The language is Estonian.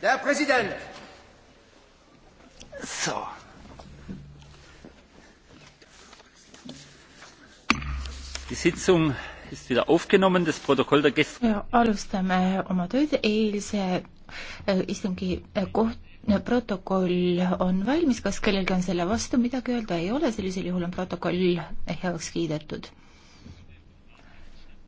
Der Präsident! So. Die Sitzung ist wieder aufgenommen, das Protokoll der gestern... Alustame oma tööd eilse äh, istungi äh, koht äh, protokoll on valmis, kas kellelgi on selle vastu midagi öelda, ei ole, sellisel juhul on protokoll heaks kiidetud